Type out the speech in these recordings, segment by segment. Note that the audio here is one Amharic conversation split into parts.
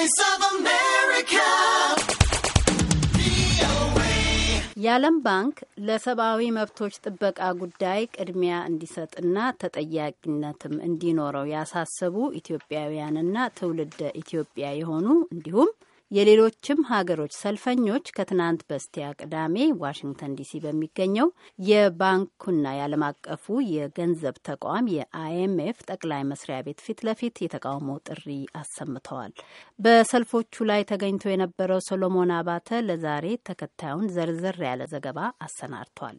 Voice of America. የዓለም ባንክ ለሰብአዊ መብቶች ጥበቃ ጉዳይ ቅድሚያ እንዲሰጥና ተጠያቂነትም እንዲኖረው ያሳሰቡ ኢትዮጵያውያንና ትውልደ ኢትዮጵያ የሆኑ እንዲሁም የሌሎችም ሀገሮች ሰልፈኞች ከትናንት በስቲያ ቅዳሜ ዋሽንግተን ዲሲ በሚገኘው የባንኩና የዓለም አቀፉ የገንዘብ ተቋም የአይኤምኤፍ ጠቅላይ መስሪያ ቤት ፊት ለፊት የተቃውሞ ጥሪ አሰምተዋል። በሰልፎቹ ላይ ተገኝቶ የነበረው ሶሎሞን አባተ ለዛሬ ተከታዩን ዘርዘር ያለ ዘገባ አሰናድቷል።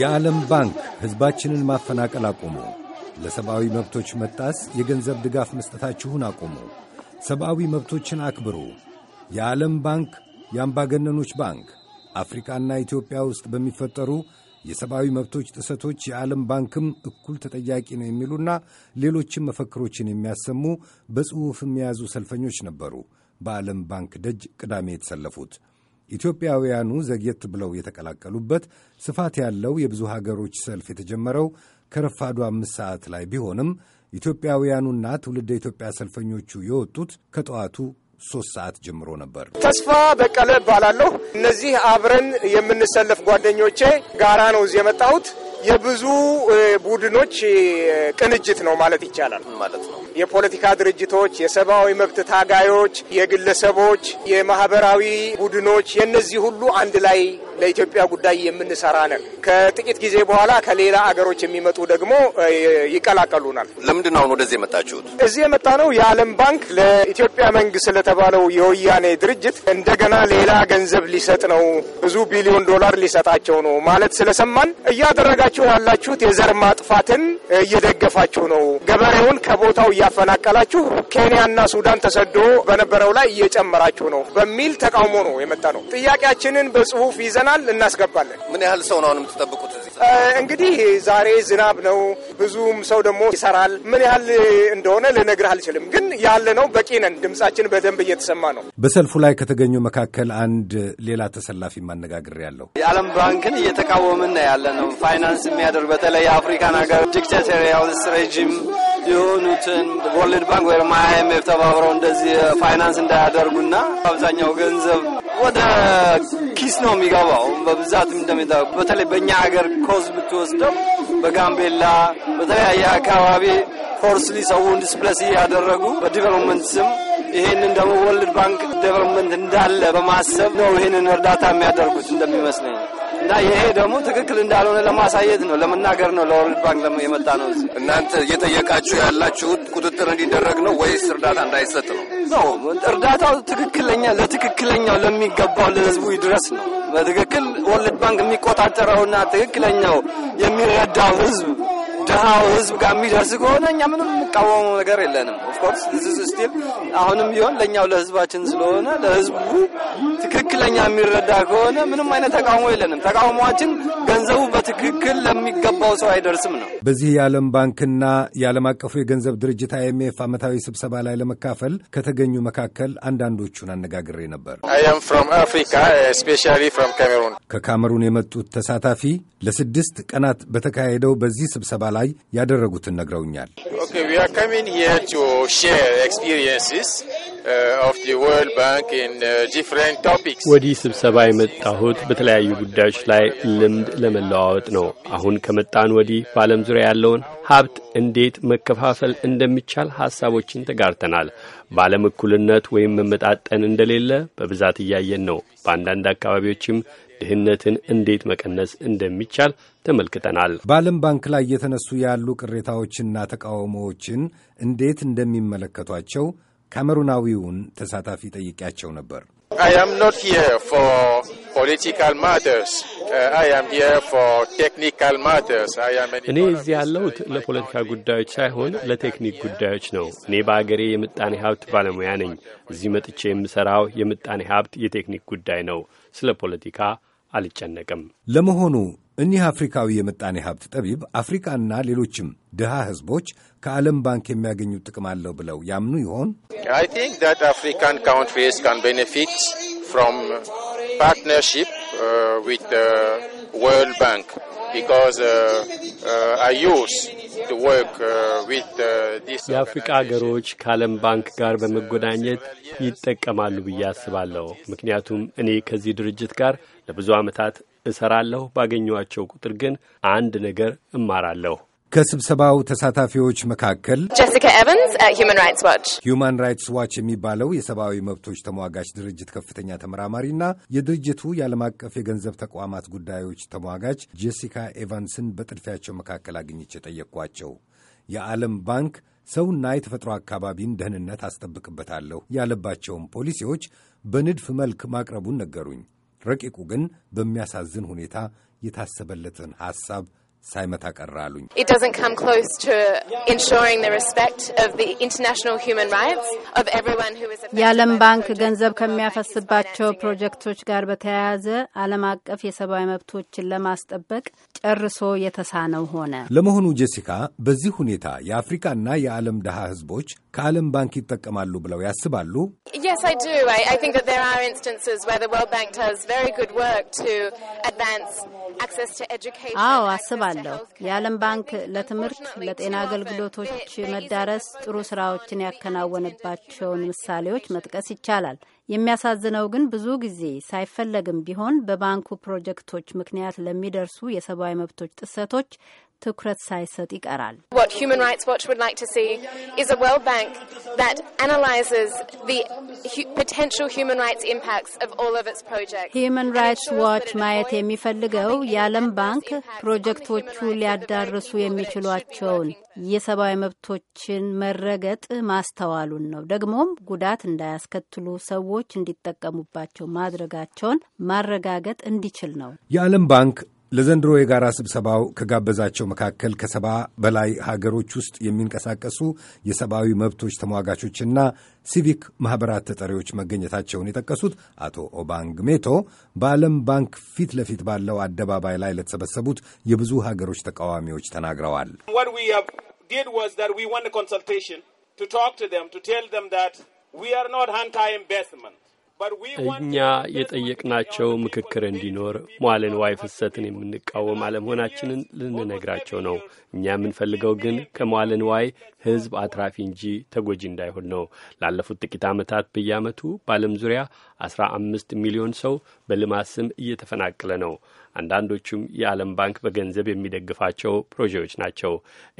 የዓለም ባንክ ሕዝባችንን ማፈናቀል አቁሙ። ለሰብአዊ መብቶች መጣስ የገንዘብ ድጋፍ መስጠታችሁን አቁሙ። ሰብአዊ መብቶችን አክብሩ። የዓለም ባንክ የአምባገነኖች ባንክ አፍሪካና ኢትዮጵያ ውስጥ በሚፈጠሩ የሰብአዊ መብቶች ጥሰቶች የዓለም ባንክም እኩል ተጠያቂ ነው የሚሉና ሌሎችም መፈክሮችን የሚያሰሙ በጽሑፍም የያዙ ሰልፈኞች ነበሩ በዓለም ባንክ ደጅ ቅዳሜ የተሰለፉት። ኢትዮጵያውያኑ ዘግየት ብለው የተቀላቀሉበት ስፋት ያለው የብዙ ሀገሮች ሰልፍ የተጀመረው ከረፋዱ አምስት ሰዓት ላይ ቢሆንም ኢትዮጵያውያኑና ትውልደ ኢትዮጵያ ሰልፈኞቹ የወጡት ከጠዋቱ ሶስት ሰዓት ጀምሮ ነበር። ተስፋ በቀለ እባላለሁ። እነዚህ አብረን የምንሰለፍ ጓደኞቼ ጋራ ነው እዚህ የመጣሁት። የብዙ ቡድኖች ቅንጅት ነው ማለት ይቻላል ማለት ነው። የፖለቲካ ድርጅቶች፣ የሰብአዊ መብት ታጋዮች፣ የግለሰቦች፣ የማህበራዊ ቡድኖች የእነዚህ ሁሉ አንድ ላይ ለኢትዮጵያ ጉዳይ የምንሰራ ነን። ከጥቂት ጊዜ በኋላ ከሌላ አገሮች የሚመጡ ደግሞ ይቀላቀሉናል። ለምንድን ነው አሁን ወደዚህ የመጣችሁት? እዚህ የመጣ ነው የዓለም ባንክ ለኢትዮጵያ መንግስት ስለተባለው የወያኔ ድርጅት እንደገና ሌላ ገንዘብ ሊሰጥ ነው፣ ብዙ ቢሊዮን ዶላር ሊሰጣቸው ነው ማለት ስለሰማን እያደረጋችሁ ያላችሁት የዘር ማጥፋትን እየደገፋችሁ ነው፣ ገበሬውን ከቦታው እያፈናቀላችሁ ኬንያና ሱዳን ተሰዶ በነበረው ላይ እየጨመራችሁ ነው በሚል ተቃውሞ ነው የመጣ ነው። ጥያቄያችንን በጽሁፍ ይዘናል። ይሆናል እናስገባለን። ምን ያህል ሰው ነው አሁን የምትጠብቁት? እንግዲህ ዛሬ ዝናብ ነው፣ ብዙም ሰው ደግሞ ይሰራል። ምን ያህል እንደሆነ ልነግር አልችልም፣ ግን ያለ ነው በቂ ነን። ድምጻችን በደንብ እየተሰማ ነው። በሰልፉ ላይ ከተገኙ መካከል አንድ ሌላ ተሰላፊ ማነጋግር ያለው የዓለም ባንክን እየተቃወምን ያለ ነው ፋይናንስ የሚያደርግ በተለይ የአፍሪካን ሀገር ዲክታቶሪያል ሬጂም የሆኑትን ወርልድ ባንክ ወይም አይኤምኤፍ ተባብረው እንደዚህ ፋይናንስ እንዳያደርጉና አብዛኛው ገንዘብ ወደ አዲስ ነው የሚገባው በብዛት እንደሚታወቅ በተለይ በእኛ ሀገር ኮዝ ብትወስደው በጋምቤላ በተለያየ አካባቢ ፎርስሊ ሰውን ዲስፕለስ እያደረጉ በዲቨሎፕመንት ስም ይህንን ደግሞ ወርልድ ባንክ ዴቨሎፕመንት እንዳለ በማሰብ ነው ይህንን እርዳታ የሚያደርጉት እንደሚመስለኝ እና ይሄ ደግሞ ትክክል እንዳልሆነ ለማሳየት ነው፣ ለመናገር ነው። ለወርልድ ባንክ የመጣ ነው። እናንተ እየጠየቃችሁ ያላችሁት ቁጥጥር እንዲደረግ ነው ወይስ እርዳታ እንዳይሰጥ ነው? እርዳታው ትክክለኛ ለትክክለኛው ለሚገባው ለህዝቡ ይድረስ ነው። በትክክል ወርልድ ባንክ የሚቆጣጠረውና ትክክለኛው የሚረዳው ህዝብ ድሃው ህዝብ ጋር የሚደርስ ከሆነ እኛ ምንም የምቃወመው ነገር የለንም። ኦፍኮርስ ስቲል አሁንም ቢሆን ለእኛው ለህዝባችን ስለሆነ ለህዝቡ ትክክለኛ የሚረዳ ከሆነ ምንም አይነት ተቃውሞ የለንም። ተቃውሟችን ገንዘቡ በትክክል ለሚገባው ሰው አይደርስም ነው። በዚህ የዓለም ባንክና የዓለም አቀፉ የገንዘብ ድርጅት አይኤምኤፍ ዓመታዊ ስብሰባ ላይ ለመካፈል ከተገኙ መካከል አንዳንዶቹን አነጋግሬ ነበር። ከካሜሩን የመጡት ተሳታፊ ለስድስት ቀናት በተካሄደው በዚህ ስብሰባ ላይ ያደረጉትን ነግረውኛል። uh, uh, ወዲህ ስብሰባ የመጣሁት በተለያዩ ጉዳዮች ላይ ልምድ ለመለዋወጥ ነው። አሁን ከመጣን ወዲህ በዓለም ዙሪያ ያለውን ሀብት እንዴት መከፋፈል እንደሚቻል ሐሳቦችን ተጋርተናል። በዓለም እኩልነት ወይም መመጣጠን እንደሌለ በብዛት እያየን ነው። በአንዳንድ አካባቢዎችም ድህነትን እንዴት መቀነስ እንደሚቻል ተመልክተናል። በዓለም ባንክ ላይ የተነሱ ያሉ ቅሬታዎችና ተቃውሞዎችን እንዴት እንደሚመለከቷቸው ካሜሩናዊውን ተሳታፊ ጠይቄያቸው ነበር። uh, እኔ እዚህ ያለሁት ለፖለቲካ ጉዳዮች ሳይሆን ለቴክኒክ ጉዳዮች ነው። እኔ በአገሬ የምጣኔ ሀብት ባለሙያ ነኝ። እዚህ መጥቼ የምሰራው የምጣኔ ሀብት የቴክኒክ ጉዳይ ነው። ስለ ፖለቲካ አልጨነቅም። ለመሆኑ እኒህ አፍሪካዊ የምጣኔ ሀብት ጠቢብ አፍሪካና ሌሎችም ድሃ ህዝቦች ከዓለም ባንክ የሚያገኙት ጥቅም አለው ብለው ያምኑ ይሆን? አፍሪካን ካንትሪስ ካን ቤኔፊት ፍሮም ፓርትነርሺፕ ዊዝ ወርልድ ባንክ ቢኮዝ Uh, uh, የአፍሪቃ ሀገሮች ከዓለም ባንክ ጋር በመጎናኘት ይጠቀማሉ ብዬ አስባለሁ። ምክንያቱም እኔ ከዚህ ድርጅት ጋር ለብዙ ዓመታት እሰራለሁ። ባገኘኋቸው ቁጥር ግን አንድ ነገር እማራለሁ። ከስብሰባው ተሳታፊዎች መካከል ጀሲካ ኤቨንስ ሁማን ራይትስ ዋች ሁማን ራይትስ ዋች የሚባለው የሰብአዊ መብቶች ተሟጋች ድርጅት ከፍተኛ ተመራማሪና የድርጅቱ የዓለም አቀፍ የገንዘብ ተቋማት ጉዳዮች ተሟጋች ጀሲካ ኤቫንስን በጥድፊያቸው መካከል አግኝቼ ጠየቅኳቸው። የዓለም ባንክ ሰውና የተፈጥሮ አካባቢን ደህንነት አስጠብቅበታለሁ ያለባቸውን ፖሊሲዎች በንድፍ መልክ ማቅረቡን ነገሩኝ። ረቂቁ ግን በሚያሳዝን ሁኔታ የታሰበለትን ሐሳብ ሳይመታ ቀረ አሉኝ። የዓለም ባንክ ገንዘብ ከሚያፈስባቸው ፕሮጀክቶች ጋር በተያያዘ ዓለም አቀፍ የሰብአዊ መብቶችን ለማስጠበቅ ጨርሶ የተሳነው ሆነ። ለመሆኑ ጄሲካ፣ በዚህ ሁኔታ የአፍሪካና የዓለም ድሃ ህዝቦች ከዓለም ባንክ ይጠቀማሉ ብለው ያስባሉ? አዎ አስባለሁ። አለው። የዓለም ባንክ ለትምህርት ለጤና አገልግሎቶች መዳረስ ጥሩ ስራዎችን ያከናወነባቸውን ምሳሌዎች መጥቀስ ይቻላል። የሚያሳዝነው ግን ብዙ ጊዜ ሳይፈለግም ቢሆን በባንኩ ፕሮጀክቶች ምክንያት ለሚደርሱ የሰብአዊ መብቶች ጥሰቶች ትኩረት ሳይሰጥ ይቀራል። ሂዩማን ራይትስ ዋች ማየት የሚፈልገው የዓለም ባንክ ፕሮጀክቶቹ ሊያዳርሱ የሚችሏቸውን የሰብአዊ መብቶችን መረገጥ ማስተዋሉን ነው። ደግሞም ጉዳት እንዳያስከትሉ ሰዎች እንዲጠቀሙባቸው ማድረጋቸውን ማረጋገጥ እንዲችል ነው። የዓለም ባንክ ለዘንድሮ የጋራ ስብሰባው ከጋበዛቸው መካከል ከሰባ በላይ ሀገሮች ውስጥ የሚንቀሳቀሱ የሰብአዊ መብቶች ተሟጋቾችና ሲቪክ ማኅበራት ተጠሪዎች መገኘታቸውን የጠቀሱት አቶ ኦባንግ ሜቶ በዓለም ባንክ ፊት ለፊት ባለው አደባባይ ላይ ለተሰበሰቡት የብዙ ሀገሮች ተቃዋሚዎች ተናግረዋል። እኛ የጠየቅናቸው ምክክር እንዲኖር ሟለ ንዋይ ፍሰትን የምንቃወም አለመሆናችንን ልንነግራቸው ነው። እኛ የምንፈልገው ግን ከሟለ ንዋይ ሕዝብ አትራፊ እንጂ ተጎጂ እንዳይሆን ነው። ላለፉት ጥቂት ዓመታት በየዓመቱ በዓለም ዙሪያ አስራ አምስት ሚሊዮን ሰው በልማት ስም እየተፈናቀለ ነው። አንዳንዶቹም የዓለም ባንክ በገንዘብ የሚደግፋቸው ፕሮጀዎች ናቸው።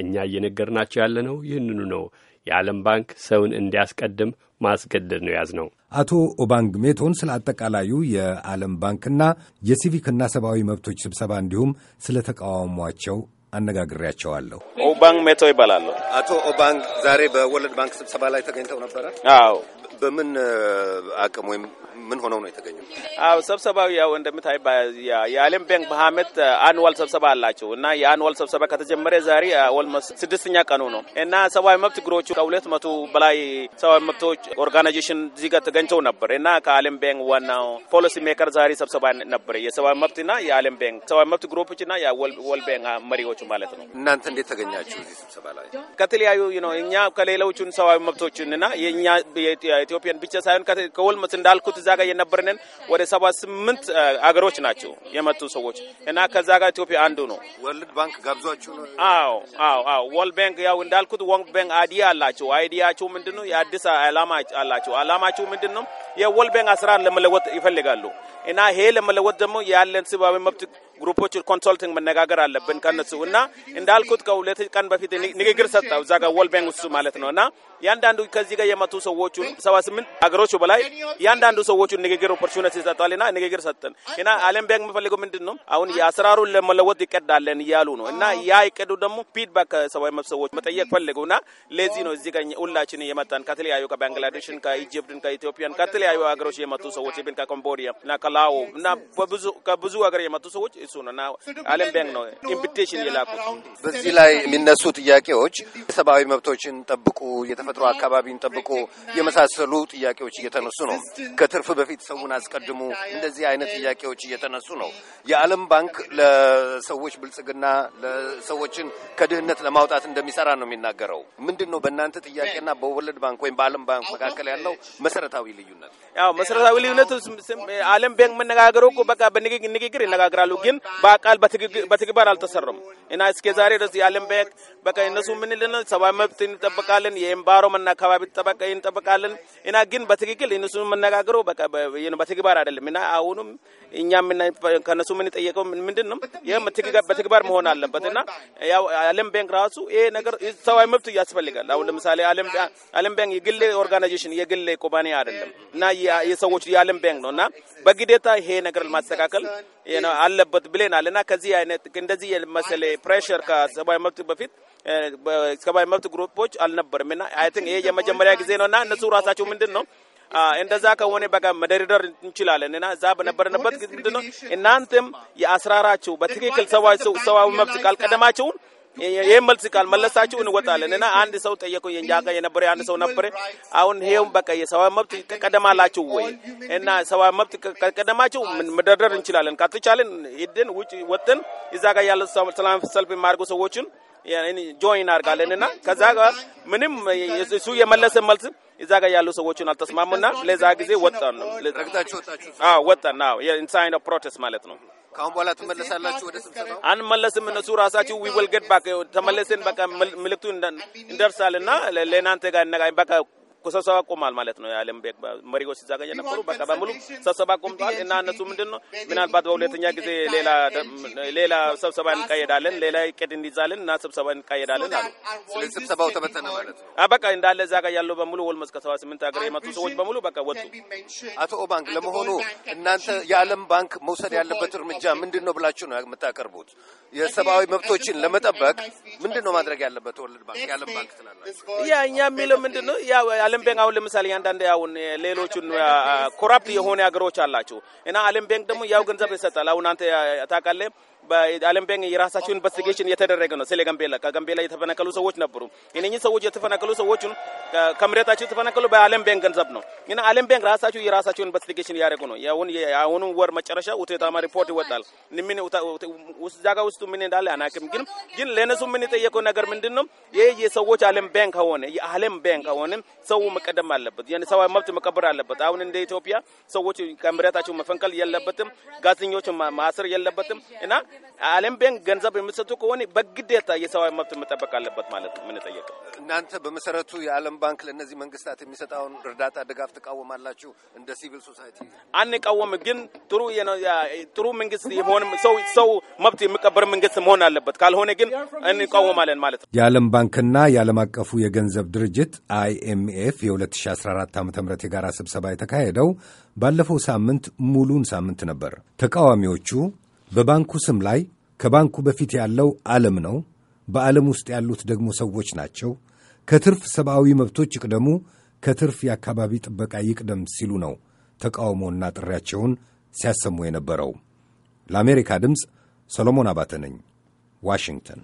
እኛ እየነገርናቸው ያለነው ይህንኑ ነው። የዓለም ባንክ ሰውን እንዲያስቀድም ማስገደድ ነው ያዝ ነው። አቶ ኦባንግ ሜቶን ስለ አጠቃላዩ የዓለም ባንክና የሲቪክና ሰብአዊ መብቶች ስብሰባ እንዲሁም ስለ ተቃውሟቸው አነጋግሬያቸዋለሁ። ኦባንግ ሜቶ ይባላሉ። አቶ ኦባንግ ዛሬ በወርልድ ባንክ ስብሰባ ላይ ተገኝተው ነበረ? አዎ። በምን አቅም ወይም ምን ሆነው ነው የተገኙ? አዎ ስብሰባው ያው እንደምታይ የዓለም ባንክ በአመት አንዋል ስብሰባ አላቸው እና የአንዋል ስብሰባ ከተጀመረ ዛሬ ኦልሞስት ስድስተኛ ቀኑ ነው እና ሰብአዊ መብት ግሮቹ ከሁለት መቶ በላይ ሰብአዊ መብቶች ኦርጋናይዜሽን እዚህ ጋር ተገኝተው ነበር እና ከዓለም ባንክ ዋናው ፖሊሲ ሜከር ዛሬ ስብሰባ ነበር። የሰብአዊ መብትና የዓለም ባንክ ሰብአዊ መብት ግሩፖች እና የወልድ ባንክ መሪዎች ማለት ነው። እናንተ እንዴት ተገኛችሁ እዚህ ስብሰባ ላይ? ከተለያዩ እኛ ከሌሎቹን ሰብአዊ መብቶችን እና የእኛ ኢትዮጵያን ብቻ ሳይሆን ከወልመት እንዳልኩት እዛ ጋር የነበርንን ወደ ሰባ ስምንት አገሮች ናቸው የመጡ ሰዎች እና ከዛ ጋር ኢትዮጵያ አንዱ ነው። ወርልድ ባንክ ጋብዟችሁ ነው? አዎ አዎ አዎ። ወርልድ ባንክ ያው እንዳልኩት ወርልድ ባንክ አይዲያ አላቸው። አይዲያቸው ምንድን ነው? የአዲስ አላማ አላቸው። አላማቸው ምንድን ነው? የወርልድ ባንክ አሰራር ለመለወጥ ይፈልጋሉ እና ይሄ ለመለወጥ ደግሞ ያለን ሰብአዊ መብት ግሩፖች ኮንሰልቲንግ መነጋገር አለብን ከነሱ እና እንዳልኩት ከሁለት ቀን በፊት ንግግር ሰጠው እዛ ጋር ወርልድ ባንክ ውስጥ ማለት ነው እና ያንዳንዱ ከዚህ ጋር የመጡ ሰዎቹን ሰባ ስምንት ሀገሮች በላይ ያንዳንዱ ሰዎቹን ንግግር ኦፖርቹኒቲ ሰጥተዋልና ንግግር ሰጠን እና አለም ባንክ የሚፈልገው ምንድን ነው? አሁን የአሰራሩን ለመለወጥ ይቀዳለን እያሉ ነው እና ያ ይቀዱ ደግሞ ፊድባክ ከሰብአዊ መብት ሰዎች መጠየቅ ፈልገው እና ለዚህ ነው እዚህ ጋር ሁላችን የመጣን ከተለያዩ ከባንግላዴሽን፣ ከኢጅፕትን፣ ከኢትዮጵያን ከተለያዩ ሀገሮች የመጡ ሰዎች ብን ከኮምቦዲያ እና ከላዎ እና ከብዙ ሀገር የመጡ ሰዎች እሱ ነው እና አለም ባንክ ነው ኢንቪቴሽን የላኩት። በዚህ ላይ የሚነሱ ጥያቄዎች የሰብአዊ መብቶችን ጠብቁ ተፈጥሮ አካባቢን ጠብቆ የመሳሰሉ ጥያቄዎች እየተነሱ ነው። ከትርፍ በፊት ሰውን አስቀድሙ፣ እንደዚህ አይነት ጥያቄዎች እየተነሱ ነው። የዓለም ባንክ ለሰዎች ብልጽግና ለሰዎችን ከድህነት ለማውጣት እንደሚሰራ ነው የሚናገረው። ምንድን ነው በእናንተ ጥያቄና በወለድ ባንክ ወይም በዓለም ባንክ መካከል ያለው መሰረታዊ ልዩነት? ያው መሰረታዊ ልዩነት ዓለም ባንክ መነጋገሩ እኮ በቃ ንግግር ይነጋግራሉ፣ ግን በአቃል በትግበር አልተሰሩም እና እስከ ዛሬ ድረስ የዓለም ባንክ በቃ እነሱ ምን ልን ሰብአዊ መብት እንጠብቃለን የኤምባ በአሮምና አካባቢ ጠበቀ እንጠብቃለን እና ግን በትክክል እነሱ መነጋገሩ በተግባር አይደለም እና አሁንም እኛ ከነሱ ምን ጠየቀው ምንድን ነው ይህም በተግባር መሆን አለበት እና ያው ዓለም ባንክ ራሱ ይሄ ነገር ሰብአዊ መብት ያስፈልጋል። አሁን ለምሳሌ ዓለም ባንክ የግል ኦርጋናይዜሽን የግል ኩባንያ አይደለም እና የሰዎች የዓለም ባንክ ነው እና በግዴታ ይሄ ነገር ማስተካከል አለበት ብለናል እና ከዚህ አይነት እንደዚህ የመሰለ ፕሬሽር ከሰብአዊ መብት በፊት ሰብአዊ መብት ግሩፖች አልነበርም እና አይ ቲንክ ይሄ የመጀመሪያ ጊዜ ነው እና እነሱ ራሳቸው ምንድን ነው እንደዛ ከሆነ በቃ መደርደር እንችላለን እና እዛ በነበረንበት ምንድን ነው እናንተም የአስራራችሁ በትክክል ሰብአዊ መብት ካልቀደማችሁን ይህ መልስ ቃል መለሳችሁ እንወጣለን እና አንድ ሰው ጠየቁ። የእኛ የነበረ አንድ ሰው ነበረ። አሁን ይሄውም በቃ የሰብአዊ መብት ከቀደማላችሁ ወይ እና ሰብአዊ መብት ቀደማችሁ መደርደር እንችላለን፣ ካልተቻለን ሂደን ውጭ ወጥን እዛ ጋር ያለ ሰላም ሰልፍ የማድርጉ ሰዎችን ጆይን አድርጋለን እና ከዛ ጋር ምንም እሱ የመለሰ መልስ እዛ ጋር ያሉ ሰዎችን አልተስማሙና ለዛ ጊዜ ወጣን ነው ወጣን ሳይን ፕሮቴስት ማለት ነው። ከአሁን በኋላ ትመለሳላችሁ ወደ ስብሰባው? አንመለስም። እነሱ ራሳችሁ ዊ ዊል ጌት ባክ ተመለስን በቃ ምልክቱ እንደርሳልና ለእናንተ ጋር በቃ ስብሰባ ቆሟል ማለት ነው። የዓለም ባንክ መሪዎች ሲዘጋጅ የነበሩ በቃ በሙሉ ስብሰባ ቆምተዋል እና እነሱ ምንድን ነው ምናልባት በሁለተኛ ጊዜ ሌላ ስብሰባ እንካሄዳለን፣ ሌላ ቅድ እንዲዛለን እና ስብሰባ እንካሄዳለን አሉ። ስብሰባው ተበተነ ማለት ነው። በቃ እንዳለ እዛ ጋር ያለው በሙሉ ወልመስ ከሰባ ስምንት ሀገር የመጡ ሰዎች በሙሉ በቃ ወጡ። አቶ ኦባንግ ለመሆኑ እናንተ የዓለም ባንክ መውሰድ ያለበት እርምጃ ምንድን ነው ብላችሁ ነው የምታቀርቡት? የሰብአዊ መብቶችን ለመጠበቅ ምንድን ነው ማድረግ ያለበት? ወርልድ ባንክ፣ የዓለም ባንክ ትላላችሁ። ያ እኛ የሚለው ምንድን ነው? ያ የዓለም ባንክ አሁን ለምሳሌ አንዳንድ አሁን ሌሎቹን ኮራፕት የሆነ ሀገሮች አላቸው እና ዓለም ባንክ ደግሞ ያው ገንዘብ ይሰጣል። አሁን አንተ ታውቃለህ በአለም ባንክ የራሳቸው ኢንቨስቲጌሽን እየተደረገ ነው። ስለ ጋምቤላ ከጋምቤላ የተፈናቀሉ ሰዎች ነበሩ። እነኚህ ሰዎች የተፈናቀሉ ሰዎች ከምሬታቸው የተፈናቀሉ በአለም ባንክ ገንዘብ ነው እና አለም ባንክ ራሳቸው የራሳቸው ኢንቨስቲጌሽን እያደረጉ ነው። የአሁኑ ወር መጨረሻ ውጤታማ ሪፖርት ይወጣል። ምን ዛጋ ውስጡ ምን እንዳለ አናውቅም። ግን ግን ለእነሱ ምን የጠየቀው ነገር ምንድን ነው? ይህ የሰዎች ዓለም ባንክ ከሆነ የዓለም ባንክ ከሆነ ሰው መቀደም አለበት፣ ሰው መብት መቀበር አለበት። አሁን እንደ ኢትዮጵያ ሰዎች ከምሬታቸው መፈንቀል የለበትም፣ ጋዜጠኞች ማስር የለበትም እና ዓለም ባንክ ገንዘብ የምትሰጡ ከሆነ በግዴታ የሰብአዊ መብት መጠበቅ አለበት ማለት ነው የምንጠየቀው። እናንተ በመሰረቱ የዓለም ባንክ ለእነዚህ መንግስታት የሚሰጣውን እርዳታ ድጋፍ ትቃወማላችሁ እንደ ሲቪል ሶሳይቲ? አንቃወም፣ ግን ጥሩ ጥሩ መንግስት የሆን ሰው ሰው መብት የሚቀበር መንግስት መሆን አለበት። ካልሆነ ግን እንቃወማለን ማለት ነው። የዓለም ባንክና የዓለም አቀፉ የገንዘብ ድርጅት አይኤምኤፍ የ2014 ዓ ም የጋራ ስብሰባ የተካሄደው ባለፈው ሳምንት ሙሉን ሳምንት ነበር። ተቃዋሚዎቹ በባንኩ ስም ላይ ከባንኩ በፊት ያለው ዓለም ነው። በዓለም ውስጥ ያሉት ደግሞ ሰዎች ናቸው። ከትርፍ ሰብአዊ መብቶች ይቅደሙ፣ ከትርፍ የአካባቢ ጥበቃ ይቅደም ሲሉ ነው ተቃውሞና ጥሪያቸውን ሲያሰሙ የነበረው። ለአሜሪካ ድምፅ ሰሎሞን አባተ ነኝ ዋሽንግተን